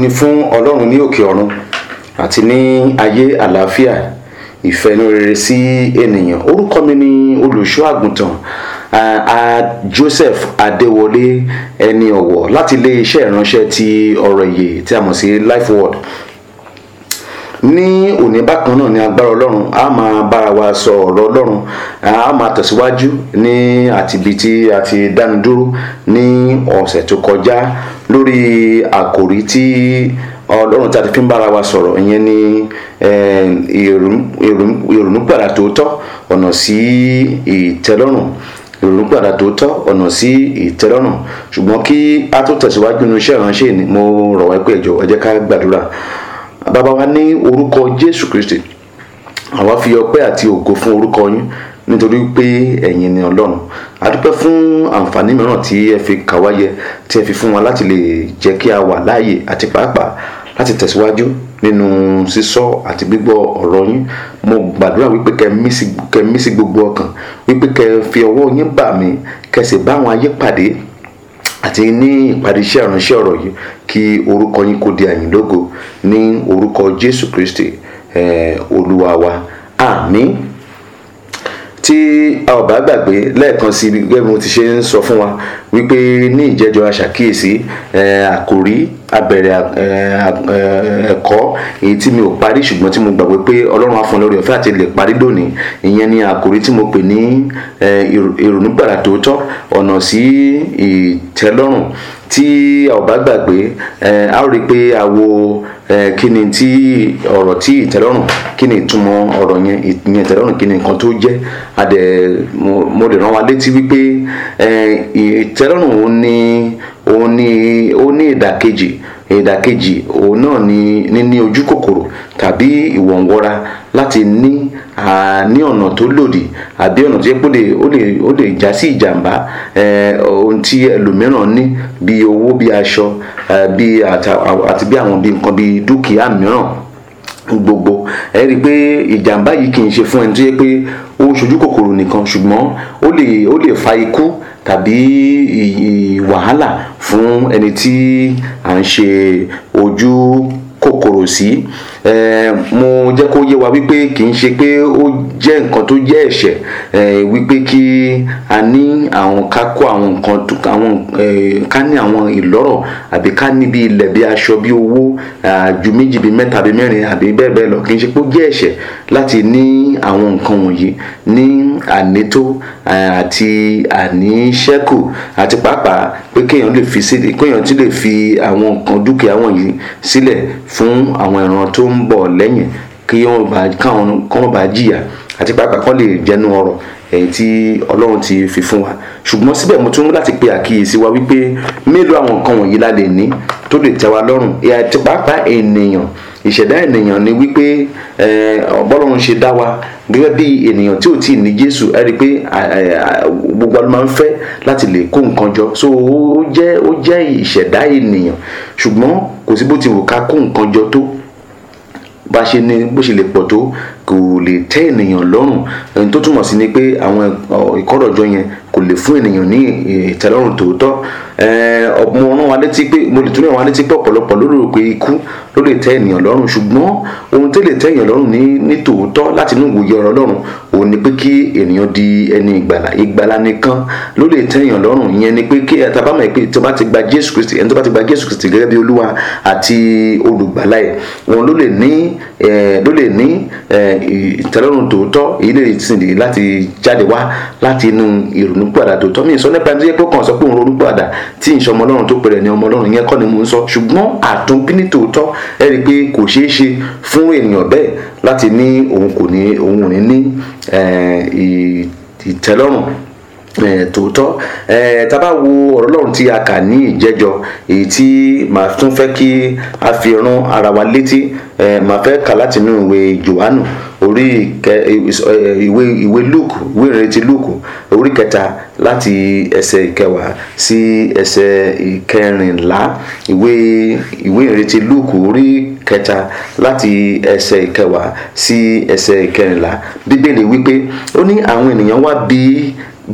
ni fún ọlọ́run ní òkè ọ̀run àti ní ayé àlàáfíà ìfẹ́nu rere sí ènìyàn orúkọ mi ni olùṣọ́ àgùntàn Joseph adewole ẹni ọ̀wọ̀ láti ilé iṣẹ́ ìránṣẹ́ ti ọ̀rọ̀ ìyè tí a mọ̀ sí Life Word ní òní bákan náà ní agbára ọlọ́run a máa bára wa sọ ọ̀rọ̀ ọlọ́run a máa tẹ̀síwájú ní àtibí tí a ti dánu dúró ní ọ̀sẹ̀ tó kọjá lórí àkòrí tí ọlọ́run tí a ti fi ń bára wa sọ̀rọ̀ ìyẹn ni ìrònúpìwàdà tòótọ́ ọ̀nà sí ìtẹ́lọ́rùn ìrònúpìwàdà tòótọ́ ọ̀nà sí ìtẹ́lọ́rùn ṣùgbọ́n kí a tó tẹ̀síwájú nínú iṣẹ́ ìránṣẹ́ ni mo rọ̀ wá pé ẹ̀jọ̀ ẹ ká gbàdúrà bàbá wa ní orúkọ jésù kristi àwa fi ọpẹ́ àti ògo fún orúkọ yín nítorí pé ẹ̀yin ni ọlọ́run a dúpẹ́ fún àǹfààní mìíràn tí ẹ fi kà wá yẹ tí ẹ fi fún wa láti lè jẹ́ kí a wà láàyè àti pàápàá láti tẹ̀síwájú nínú sísọ àti gbígbọ́ ọ̀rọ̀ yín mo gbàdúrà wípé kẹ́ mí sí gbogbo ọkàn wípé kẹ́ fi ọwọ́ yín bà mí kẹ́ sì ayé pàdé àti ní ìparí iṣẹ́ ìránṣẹ́ ọ̀rọ̀ yìí kí orúkọ yín kó di àyìn lógo ní orúkọ Jésù Kristi eh, olúwa wa àmín tí a ò bá gbàgbé lẹ́ẹ̀kan sí gẹ́gẹ́ bí mo ti ṣe ń sọ fún wa wípé ní ìjẹ́jọ́ aṣàkíyèsí àkòrí abẹ̀rẹ̀ ẹ̀kọ́ èyí tí mi ò parí ṣùgbọ́n tí mo gbàgbé pé ọlọ́run á fún lórí ọ̀fẹ́ àti lè parí lónìí ìyẹn ni àkòrí tí mo pè ní ìrònúgbàrà tòótọ́ ọ̀nà sí ìtẹ́lọ́rùn tí a ò bá gbàgbé a ó rí i pé a wo kini ti ọrọ ti itelonu kini tumo ọrọ itelonu yẹn ìyẹn to je ni tó adẹ mo lè rán wa létí wípé ìtẹ́lọ́rùn òun ni òun ni ó ní ìdàkejì ìdàkejì òun náà ni níní ojú kòkòrò tàbí láti ní ní ọ̀nà tó lòdì àbí ọ̀nà tó yẹ pé ó lè já sí ìjàmbá ohun tí ẹlòmíràn ní bí owó bí aṣọ àti bí àwọn bí nǹkan bí dúkìá mìíràn gbogbo ẹ rí i pé ìjàmbá yìí kì í ṣe fún ẹni tó yẹ pé ó ṣojú kòkòrò nìkan ṣùgbọ́n ó lè fa ikú tàbí wàhálà fún ẹni tí à ń ṣe ojú kòkòrò sí. Si mo jẹ́ kó yé wa wípé kì í ṣe pé ó jẹ́ nǹkan tó jẹ́ ẹ̀ṣẹ̀ wípé kí a ní àwọn ká kó àwọn nǹkan àwọn ká ní àwọn ìlọ́rọ̀ àbí ká ní bí ilẹ̀ bí aṣọ bí owó ju méjì bí mẹ́ta bí mẹ́rin àbí bẹ́ẹ̀ bẹ́ẹ̀ lọ kì í ṣe pé ó jẹ́ ẹ̀ṣẹ̀ láti ní àwọn nǹkan wọ̀nyí ní ànító àti àníṣẹ́kù àti pàápàá pé kéèyàn lè fi sílẹ̀ kéèyàn ti lè fi àwọn nǹkan dúkìá wọ̀nyí sílẹ̀ fún àwọn ẹran tó ń bọ̀ lẹ́yìn kí wọ́n bá káwọn kọ́n bá jìyà àti pàápàá kọ́ lè jẹnu ọ̀rọ̀ èyí eh, tí ọlọ́run ti fi fún wa ṣùgbọ́n síbẹ̀ mo tún láti pe àkíyèsí wa wípé mélòó àwọn nǹkan wọ̀nyí la lè ní tó lè tẹ́ wa lọ́rùn eh, àti pàápàá ènìyàn ìṣẹ̀dá ènìyàn ni wípé eh, ọlọ́run ṣe dá wa gẹ́gẹ́ bí ènìyàn tí ò tí ì ní jésù ẹ rí i pé gbogbo ọlọ́ máa ń fẹ́ láti lè kó nǹkan jọ so ó jẹ́ ó jẹ́ ìṣẹ̀dá ènìyàn ṣùgbọ́n kò sí bó ti wù ká kó nǹkan jọ tó bá ṣe ní bó ṣe lè pọ̀ tó kò lè tẹ́ ènìyàn lọ́rùn ẹni tó túmọ̀ sí ni pé àwọn ìkọ́rọ̀jọ yẹn kò lè fún ènìyàn ní ìtẹ́lọ́rùn tòótọ́ mo rán wa létí pé mo lè tún rán wa létí pé ọ̀pọ̀lọpọ̀ ló rò pé ikú ló lè tẹ́ ènìyàn lọ́rùn ṣùgbọ́n ohun tó lè tẹ́ ènìyàn lọ́rùn ní tòótọ́ láti ìwòye ọ̀rọ̀ Ọlọ́run O ní pé kí ènìyàn di ẹni ìgbàlà ìgbàlà nìkan ló lè tẹ́yàn lọ́rùn ìyẹn ni pé kí ẹ̀tàbá mọ̀ pé tó bá ti gba Jésù Kristi ẹni tó bá ti gba Jésù Kristi gẹ́gẹ́ bí olúwa àti olùgbàlà ẹ̀ wọn ló lè ní ló lè ní ìtẹ́lọ́rùn tòótọ́ èyí lè sìn dì láti jáde wá láti inú ìrònúpìwàdà tòótọ́ mi sọ nípa ẹni tó yẹ pé kàn sọ pé òun ronúpìwàdà tí ìṣe ọmọ Ọlọ́run tó pẹ̀rẹ̀ ní ọmọ Ọlọ́run yẹn kọ́ ni mò ń sọ ṣùgbọ́n àtúnbí tòótọ́ ẹ rí i pé kò ṣeé ṣe fún ènìyàn bẹ́ẹ̀ láti ní òun kò ní òun ò ní ní i, i Telomo Eh, tòótọ́ eh, tá a bá wo ọ̀rọ̀ Ọlọ́run tí a kà ní ìjẹ́jọ́ èyí tí màá tún fẹ́ kí a fi rán ara wa létí eh, màá fẹ́ kà látinú ìwé Jòhánù orí ìwé ìwé Luke ìwé ìrètí Luke orí kẹta láti ẹsẹ̀ ìkẹwàá sí ẹsẹ̀ ìkẹrìnlá ìwé ìwé ìrètí Luke orí kẹta láti ẹsẹ̀ ìkẹwàá sí ẹsẹ̀ ìkẹrìnlá bíbélì wípé ó ní àwọn ènìyàn wá bí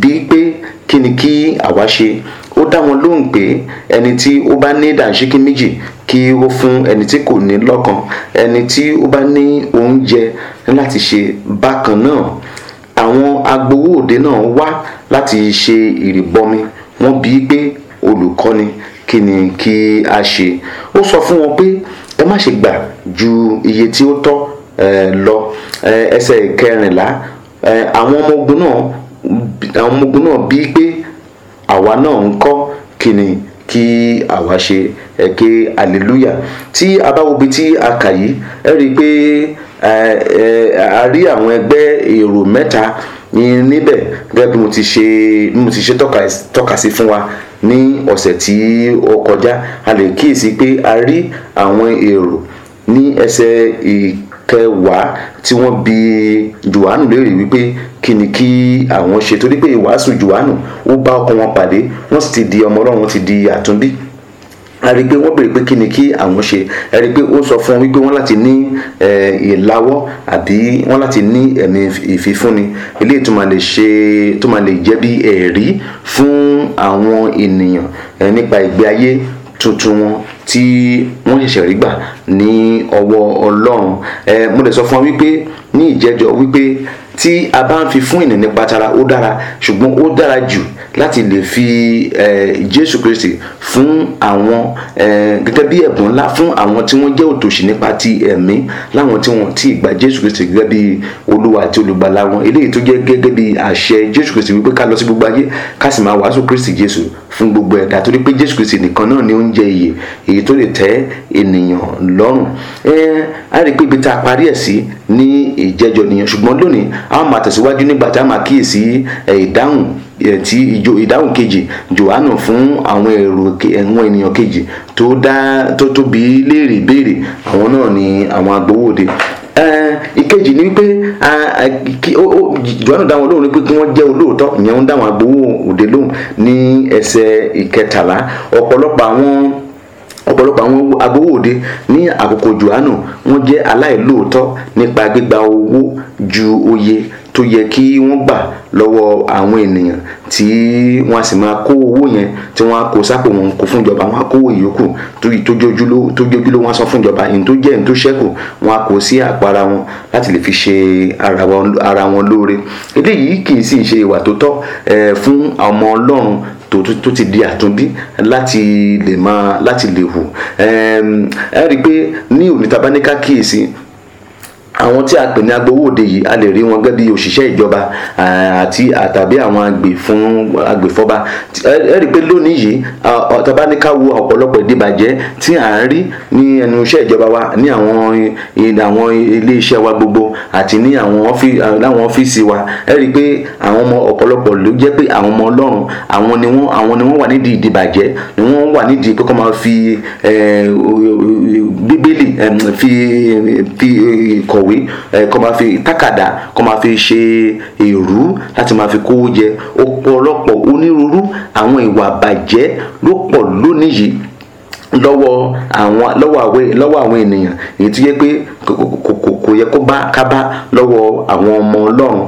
bíi pé kí ni kí àwa ṣe ó dá wọn lóhùn pé ẹni tí ó bá ní dànsíkí méjì kí ó fún ẹni tí kò ní lọ́kàn ẹni tí ó bá ní oúnjẹ láti ṣe bákan náà àwọn agbowóòde náà wá láti ṣe ìrìbọmi wọ́n bíi pé olùkọ́ni kí ni kí a ṣe ó sọ fún wọn pé ẹ má ṣe gbà ju iye tí ó tọ́ lọ ẹsẹ̀ kẹrìnlá àwọn ọmọ ogun náà àwọn ọmọ ogun náà bíi pé àwa náà ń kọ́ kíni kí àwa ṣe ẹ̀kẹ́ aleluya tí a bá wo ibi tí a kà yìí ẹ rí i pé a rí àwọn ẹgbẹ́ èrò mẹ́ta níbẹ̀ gẹ́gẹ́ bí mo ti ṣe mo ti ṣe tọ́ka sí fún wa ní ọ̀sẹ̀ tí ó kọjá a lè kíyèsí pé a rí àwọn èrò ní ẹsẹ̀ ìkọ́ kẹwàá tí wọ́n bi Jòhánù léèrè wípé kí ni kí àwọn ṣe torí pé ìwàásù Jòhánù ó bá ọkàn wọn pàdé wọ́n sì ti di ọmọ ọlọ́run wọ́n ti di àtúnbí a rí i pé wọ́n béèrè pé kí ni kí àwọn ṣe a rí i pé ó sọ fún wọn wípé wọ́n láti ní ìlawọ́ àbí wọ́n láti ní ẹ̀mí ìfifúnni eléyìí tó máa lè ṣe tó máa lè jẹ́ bí ẹ̀rí fún àwọn ènìyàn nípa ìgbé ayé tuntun wọn tí wọ́n ṣẹ̀ṣẹ̀ rí gbà ní ọwọ́ ọlọ́run ẹ mo lè sọ fún wa wípé ní ìjẹ́jọ́ wípé tí a bá ń fi fún ìní nípa tara ó dára ṣùgbọ́n ó dára jù láti lè fi ẹ Jésù Kristi fún àwọn ẹ gẹ́gẹ́ bí ẹ̀bùn ńlá fún àwọn tí wọ́n jẹ́ òtòṣì nípa ti ẹ̀mí láwọn tí wọ́n ti gba Jésù Kristi gẹ́gẹ́ bí Olúwa àti Olùgbàlà wọn eléyìí tó jẹ́ gẹ́gẹ́ bí àṣẹ Jésù Kristi wípé ká lọ sí gbogbo ayé ká sì máa wàásù Kristi Jésù fún gbogbo ẹ̀dá torí pé jésù kristi nìkan náà ni oúnjẹ ìyè èyí tó lè tẹ́ ènìyàn lọ́rùn ẹ̀ẹ́n a rí i pé ibi tá a parí ẹ̀ sí ní ìjẹ́jọ nìyẹn ṣùgbọ́n lónìí a máa tẹ̀síwájú nígbà tá a máa kíyèsí ìdáhùn ti ìjọ ìdáhùn kejì johannu fún àwọn èrò àwọn ènìyàn kejì tó dá tó tóbi léèrè béèrè àwọn náà ni àwọn agbowóde ìkejì ni pé johannu dáwọn olóhùn ni pé kí wọ́n jẹ́ olóòótọ́ ìyẹn ń dáwọn agbowó òde lóhùn ní ẹsẹ̀ ìkẹtàlá ọ̀pọ̀lọpọ̀ àwọn ọ̀pọ̀lọpọ̀ àwọn agbowóde ní àkókò johannu wọ́n jẹ́ aláìlóòótọ́ nípa gbígba owó ju oyè tó yẹ kí wọ́n gbà lọ́wọ́ àwọn ènìyàn tí wọ́n sì máa kó owó yẹn tí wọ́n á kó sápò wọn kó fún ìjọba wọ́n á kó ìyókù tó jójúló wọ́n san fún ìjọba ìyẹn tó jẹ́ ìyẹn tó ṣẹ́kù wọ́n á kó sí àpò ara wọn láti lè fi ṣe ara wọn lóore eléyìí kì í sì ṣe ìwà tó tọ́ fún ọmọ ọlọ́run tó ti di àtúnbí láti lè máa láti lè hù ẹ rí i pé ní òní tabaníkà kíyèsí àwọn tí a pè ní agbowóde yìí a lè rí wọn gẹ́gẹ́ bí òṣìṣẹ́ ìjọba àti àtàbí àwọn agbèfọ́ba ẹ rí i pé lónìí yìí tọ́ba ní ká wo ọ̀pọ̀lọpọ̀ ìdíbàjẹ́ tí à ń rí ní ẹnu iṣẹ́ ìjọba wa ní àwọn ilé iṣẹ́ wa gbogbo àti ní àwọn ọ́fíìsì wa ẹ rí i pé àwọn ọmọ ọ̀pọ̀lọpọ̀ ló jẹ́ pé àwọn ọmọ ọlọ́run àwọn ni wọ́n àwọn ni wọ́n wà nídìí ìdíbàjẹ́ ni wọ́n wà nídìí pé kọ́ máa fi bíbélì fi fi kọ̀wé kọ́ máa fi takada, kọ́ máa fi ṣe èrú láti máa fi kówó jẹ ọ̀pọ̀lọpọ̀ onírúurú àwọn ìwà bàjẹ́ ló pọ̀ lónìí yìí lọ́wọ́ àwọn lọ́wọ́ àwọn lọ́wọ́ àwọn ènìyàn èyí tó yẹ pé kò yẹ kó bá kábá lọ́wọ́ àwọn ọmọ ọlọ́run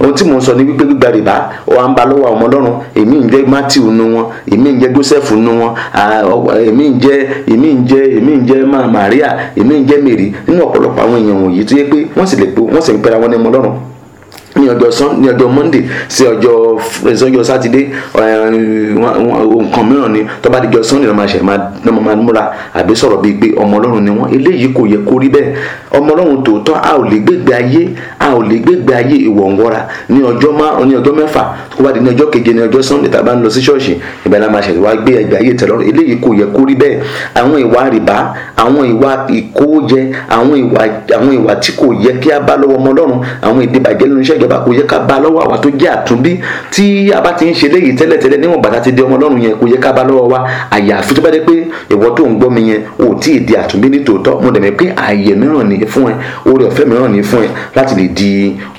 ohun tí mò ń sọ ni wípé gbígba rìbá wà ń ba lọ́wọ́ àwọn ọmọ ọlọ́run èmi ń jẹ́ matthew nu wọn èmi ń jẹ́ joseph nu wọn èmi ń jẹ́ èmi ń jẹ́ èmi ń jẹ́ maria èmi ń jẹ́ mary nínú ọ̀pọ̀lọpọ̀ àwọn èèyàn wọ̀nyí tó yẹ pé wọ́n sì lè pé wọ́n sì ń pera wọn ní ọmọ ọlọ́run ní ọjọ́ sán ní ọjọ́ monday sí ọjọ́ ọjọ́ sátidé eh, nǹkan mìíràn ni tó bá dijọ́ sunday lọ́mọ àṣẹ lọ́mọ máa múra àbí sọ̀rọ̀ bíi pé ọmọ ọlọ́run ni wọ́n eléyìí kò yẹ kó rí bẹ́ẹ̀ ọmọ ọlọ́run tòótọ́ a ò lè gbégbé ayé a ò lè gbégbé ayé ìwọ̀nwọ́ra ní ọjọ́ má ní ọjọ́ mẹ́fà tó bá di ní ọjọ́ keje ní ọjọ́ sunday tá a bá ń lọ sí ṣọ́ọ̀ṣì ìgbà la máa ṣẹ̀ṣẹ̀ wá gbé ẹgbẹ́ ayé tẹ̀lọ́rùn eléyìí kò yẹ kó rí bẹ́ẹ̀ àwọn ìwà rìbá àwọn ìwà ìkówójẹ àwọn ìjọba kò yẹ ká bá lọ́wọ́ àwa tó jẹ́ àtúnbí tí a bá ti ń ṣe léyìí tẹ́lẹ̀tẹ́lẹ̀ níwọ̀n bàtà ti di ọmọ ọlọ́run yẹn kò yẹ ká bá lọ́wọ́ wa àyàfi tó bá dé pé ìwọ tó ń gbọ́ mi yẹn ò tí ì di àtúnbí ní tòótọ́ mo dẹ̀ mẹ́ pé ààyè mìíràn ní fún ẹ oore ọ̀fẹ́ mìíràn ní fún ẹ láti lè di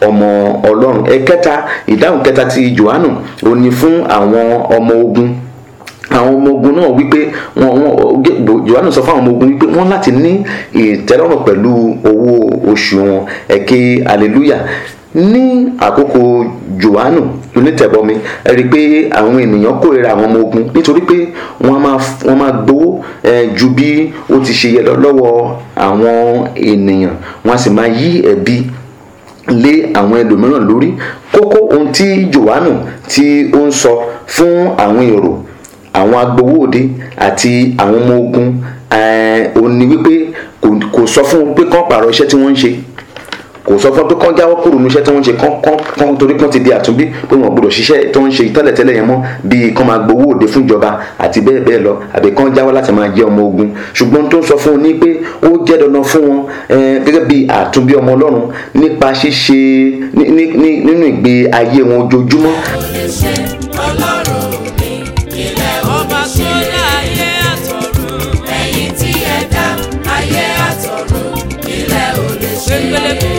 ọmọ ọlọ́run ẹ̀kẹta ìdáhùn kẹta ti Jòhánù ó fún àwọn ọmọ ogun àwọn ọmọ ogun náà wípé wọn wọn Jòhánù sọ fún àwọn ọmọ ogun wípé wọn láti ní ìtẹ́lọ́rùn pẹ̀lú owó oṣù wọn ẹ̀kẹ́ aleluya ní àkókò Jòhánù onítẹ̀bọmi ẹ rí i pé àwọn ènìyàn kórìíra àwọn ọmọ ogun nítorí pé wọ́n máa gbowó ju bí ó ti ṣe yẹ lọ́wọ́ àwọn ènìyàn wọ́n á sì máa yí ẹ̀bi lé àwọn ẹlòmíràn lórí kókó ohun tí Jòhánù tí ó ń sọ fún àwọn èrò àwọn agbowóde àti àwọn ọmọ ogun òun ni wípé kò sọ fún un pé kán pààrọ̀ iṣẹ́ tí wọ́n ń ṣe kò sọ fún pé kán jáwọ́ kúrò níṣẹ́ tí wọ́n ń ṣe kán torí kán ti di àtúnbí pé wọ́n gbọ́dọ̀ ṣiṣẹ́ tó ń ṣe tẹ́lẹ̀tẹ́lẹ̀ yẹn mọ́ bíi kán máa gbowó òde fún ìjọba àti bẹ́ẹ̀ bẹ́ẹ̀ lọ àbí kán jáwọ́ láti máa jẹ́ ọmọ ogun ṣùgbọ́n tó ń sọ fún un ní pé ó jẹ́ dandan fún wọn gẹ́gẹ́ bíi àtúnbí ọmọ ọlọ́run nípa ṣíṣe nínú ìgbé ayé wọn ojoojúmọ́. ọlọ́run mi